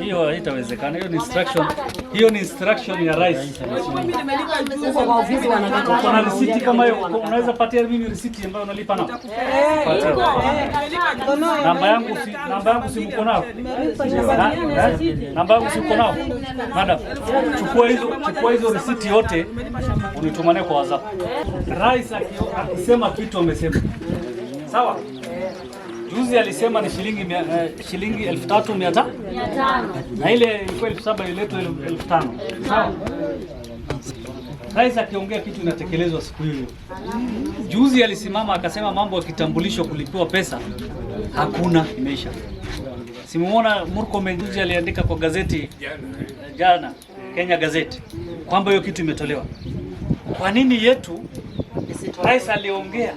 Hiyo haitawezekana. Hiyo ni instruction ya rais. Kuna risiti kama hiyo, unaweza patia mimi risiti ambayo unalipa nao? Namba yangu namba yangu si mko nao? Eh? Namba yangu si mko nao? Madam, chukua hizo chukua hizo risiti yote unitumanie kwa WhatsApp. Rais akisema kitu amesema. Sawa? Juzi alisema ni shilingi mia, uh, shilingi elfu tatu mia tano na ile ilikuwa elfu saba ililetwa elfu tano sawa. Rais akiongea kitu inatekelezwa siku hiyo. Juzi alisimama akasema mambo ya kitambulisho kulipiwa pesa hakuna, imeisha. Simuona Murkomen juzi aliandika kwa gazeti eh, jana, Kenya Gazeti, kwamba hiyo kitu imetolewa. Kwa nini yetu rais aliongea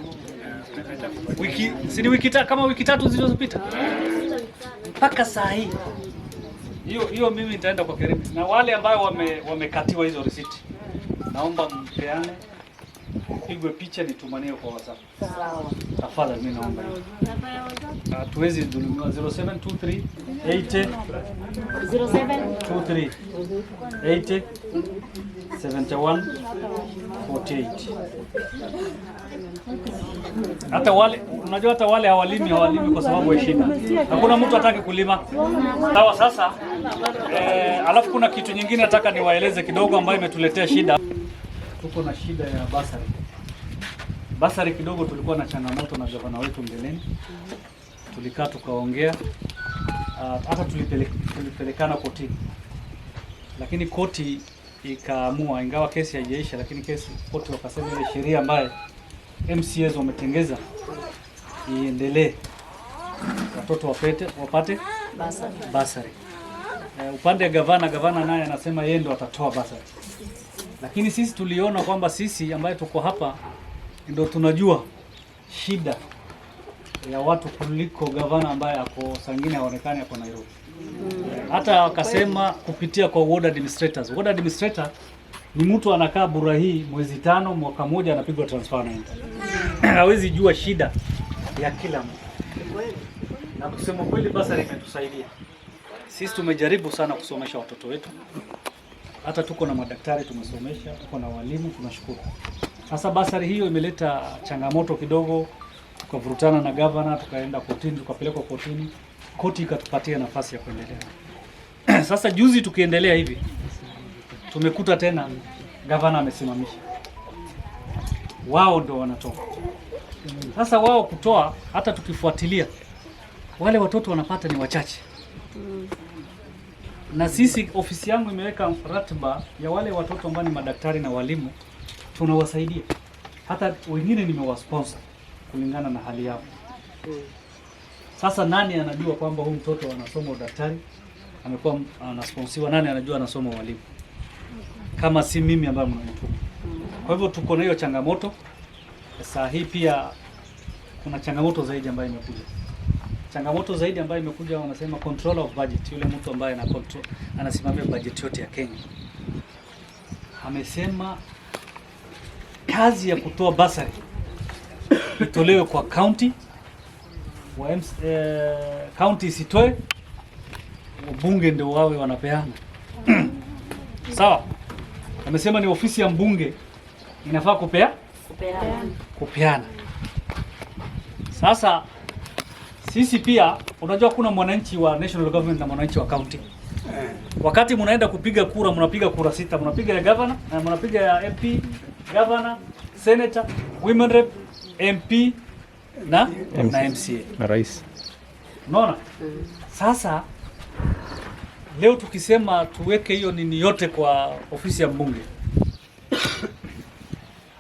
wiki si wiki tatu kama wiki tatu zilizopita mpaka saa hii hiyo hiyo, mimi nitaenda kwa karibu na wale ambao wame, wamekatiwa hizo risiti, naomba mpeane, pigwe picha nitumanie kwa WhatsApp. Sawa, tafadhali, mimi naomba Hatuwezi ah, dhulumiwa. 0723 0723 80 71 48 hata wale unajua, hata wale hawalimi hawalimi kwa sababu ya shida, hakuna mtu atake kulima. Sawa. Sasa eh, alafu kuna kitu nyingine nataka niwaeleze kidogo, ambayo imetuletea shida. Tuko na shida ya basari basari kidogo. Tulikuwa na changamoto na gavana wetu mbeleni, tulikaa tukaongea, ah, hata tulipelekana kotini, lakini koti ikaamua, ingawa kesi haijaisha, lakini kesi koti wakasema ile sheria ambaye mcs wametengeza iendelee, watoto wapate, wapate basari. Uh, upande wa gavana, gavana naye anasema yeye ndo atatoa basari, lakini sisi tuliona kwamba sisi ambaye tuko hapa ndo tunajua shida ya watu kuliko gavana ambaye ako sangine haonekani ako Nairobi. Mm. Hata wakasema kupitia kwa ward administrators. Ward administrator ni mtu anakaa bura hii mwezi tano, mwaka moja, anapigwa transfer na hawezi jua shida ya kila mtu. Na kusema kweli, basari imetusaidia sisi, tumejaribu sana kusomesha watoto wetu, hata tuko na madaktari tumesomesha, tuko na walimu, tunashukuru. Sasa basari hiyo imeleta changamoto kidogo, tukavurutana na gavana, tukaenda kotini, tukapelekwa kotini, koti ikatupatia nafasi ya kuendelea. Sasa juzi tukiendelea hivi tumekuta tena gavana amesimamisha, wao ndo wanatoa sasa. Wao kutoa, hata tukifuatilia wale watoto wanapata ni wachache, na sisi ofisi yangu imeweka ratiba ya wale watoto ambao ni madaktari na walimu, tunawasaidia hata wengine nimewasponsor kulingana na hali yao. Sasa nani anajua kwamba huyu mtoto anasoma udaktari, amekuwa anasponsiwa? Nani anajua anasoma walimu? kama si mimi ambaye mnanituma. Kwa hivyo tuko na hiyo changamoto. Saa hii pia kuna changamoto zaidi ambayo imekuja. Changamoto zaidi ambayo imekuja, wanasema controller of budget, yule mtu ambaye ana control, anasimamia budget yote ya Kenya, amesema kazi ya kutoa basari itolewe kwa county wa MC, eh, county isitoe, wabunge ndio wawe wanapeana sawa amesema ni ofisi ya mbunge inafaa kupea kupeana, kupeana. Sasa sisi pia unajua kuna mwananchi wa national government na mwananchi wa county. Eh. Wakati mnaenda kupiga kura, mnapiga kura sita, mnapiga ya governor na mnapiga ya MP, governor, senator, women rep, MP na, MC. na MCA na rais. Unaona? Sasa Leo tukisema tuweke hiyo nini yote kwa ofisi ya mbunge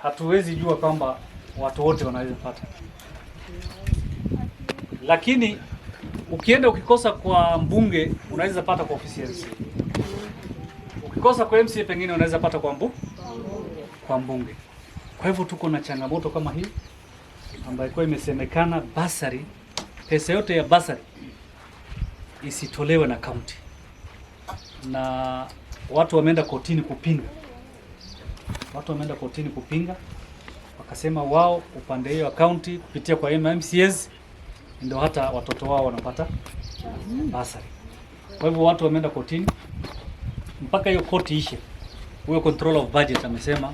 hatuwezi jua kwamba watu wote wanaweza pata, lakini ukienda ukikosa kwa mbunge unaweza pata kwa ofisi ya mc Ukikosa kwa mc pengine unaweza pata kwa mbunge, kwa mbunge. Kwa hivyo tuko na changamoto kama hii ambayo kwa imesemekana basari, pesa yote ya basari isitolewe na kaunti na watu wameenda kotini kupinga, watu wameenda kotini kupinga, wakasema wao upande hiyo akaunti kupitia kwa MMCS ndio hata watoto wao wanapata basari. Kwa hivyo watu wameenda kotini mpaka hiyo koti ishe. Huyo control of budget amesema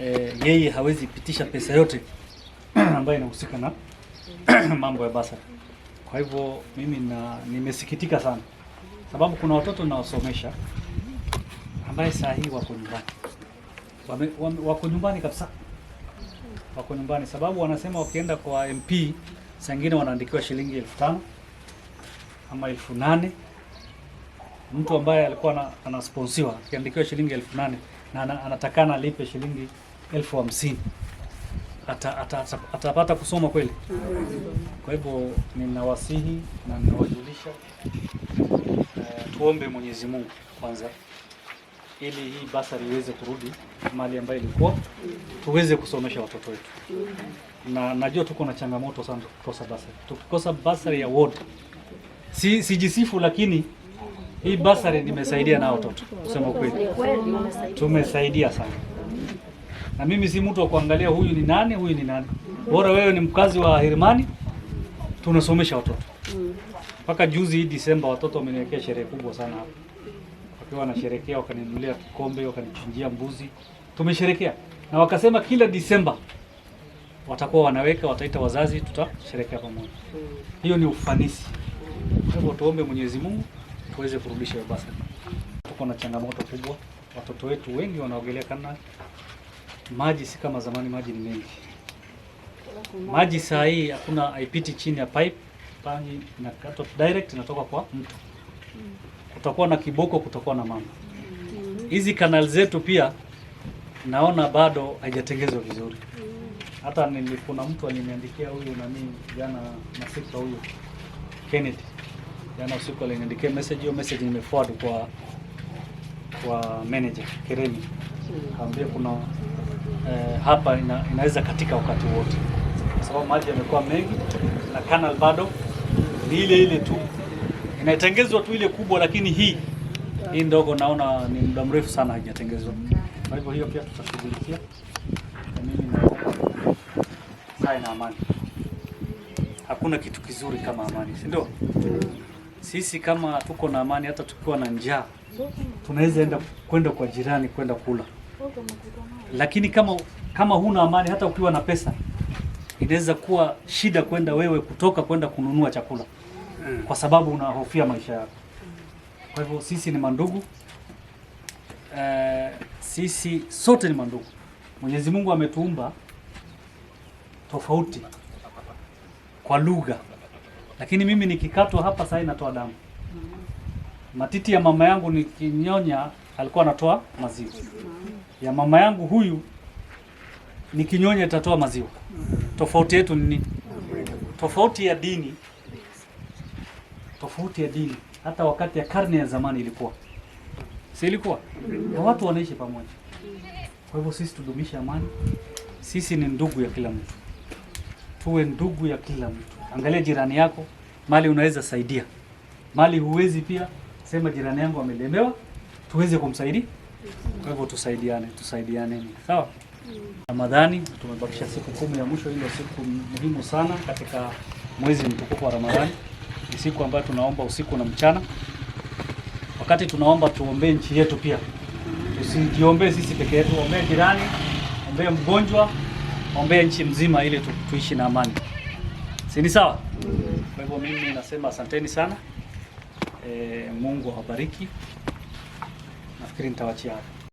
e, yeye hawezi pitisha pesa yote ambayo inahusika na mambo ya basari. Kwa hivyo mimi na, nimesikitika sana sababu kuna watoto ninawasomesha ambaye saa hii wako nyumbani, wako nyumbani kabisa, wako nyumbani sababu wanasema wakienda kwa MP saa ingine wanaandikiwa shilingi elfu tano ama elfu nane Mtu ambaye alikuwa anasponsiwa akiandikiwa shilingi elfu nane na anatakana alipe shilingi elfu hamsini ata, ata, atapata kusoma kweli? Kwa hivyo ninawasihi na ninawajulisha tuombe Mwenyezi Mungu kwanza ili hii basari iweze kurudi mali ambayo ilikuwa tuweze kusomesha watoto wetu, na najua tuko na changamoto sana kukosa basari. Tukikosa basari ya ward, si sijisifu, lakini hii basari nimesaidia na watoto, kusema kweli tumesaidia sana. Na mimi si mtu wa kuangalia huyu ni nani, huyu ni nani, bora wewe ni mkazi wa Hermani, tunasomesha watoto. Mpaka juzi hii Disemba watoto wameniwekea sherehe kubwa sana hapa, wakiwa wanasherekea, wakaninunulia kikombe, wakanichinjia mbuzi, tumesherekea na wakasema kila Disemba watakuwa wanaweka, wataita wazazi, tutasherekea pamoja. Hiyo ni ufanisi. Kwa hivyo tuombe Mwenyezi Mungu tuweze kurudisha hiyo. Basi tuko na changamoto kubwa, watoto wetu wengi wanaogelea kana maji si kama zamani, maji ni mengi, maji saa hii hakuna haipiti chini ya pipe pangi inakatwa direct inatoka kwa mto. Kutakuwa na kiboko, kutakuwa na mama Hizi kanali zetu pia naona bado haijatengenezwa vizuri. Hata kuna mtu aliniandikia huyu nani jana masika huyu Kennedy jana usiku aliniandikia message, hiyo message nimeforward kwa kwa manager Kereni kaambia kuna eh, hapa ina, inaweza katika wakati wote kwa sababu maji yamekuwa mengi na canal bado ni ile ile tu inatengenezwa tu ile kubwa, lakini hii hii ndogo naona ni muda mrefu sana haijatengezwa. Kwa hivyo hiyo pia tutashughulikia na amani. Hakuna kitu kizuri kama amani, si ndio? Sisi kama tuko na amani, hata tukiwa na njaa tunaweza enda kwenda kwa jirani kwenda kula, lakini kama kama huna amani, hata ukiwa na pesa inaweza kuwa shida kwenda wewe kutoka kwenda kununua chakula. Mm. kwa sababu unahofia maisha yako Kwa hivyo sisi ni mandugu e, sisi sote ni mandugu. Mwenyezi Mungu ametuumba tofauti kwa lugha, lakini mimi nikikatwa hapa sasa inatoa damu matiti ya mama yangu nikinyonya alikuwa anatoa maziwa ya mama yangu huyu nikinyonya itatoa maziwa. Tofauti yetu ni Tofauti ya dini tofauti ya dini hata wakati ya karne ya zamani ilikuwa, si ilikuwa na watu wanaishi pamoja. Kwa hivyo sisi tudumishe amani. Sisi ni ndugu ya kila mtu, tuwe ndugu ya kila mtu. Angalia jirani yako mali, unaweza saidia mali, huwezi pia sema jirani yangu amelemewa, tuweze kumsaidia. Kwa hivyo tusaidiane, tusaidiane, sawa. Ramadhani tumebakisha siku kumi ya mwisho. Hilo siku muhimu sana katika mwezi mtukufu wa Ramadhani ni siku ambayo tunaomba usiku na mchana. Wakati tunaomba tuombee nchi yetu pia, tusijiombee sisi peke yetu, ombee jirani, ombee mgonjwa, ombee nchi mzima ili tu, tuishi na amani, si ni sawa? Kwa hivyo mimi nasema asanteni sana. E, Mungu awabariki. Nafikiri nitawachia hapo.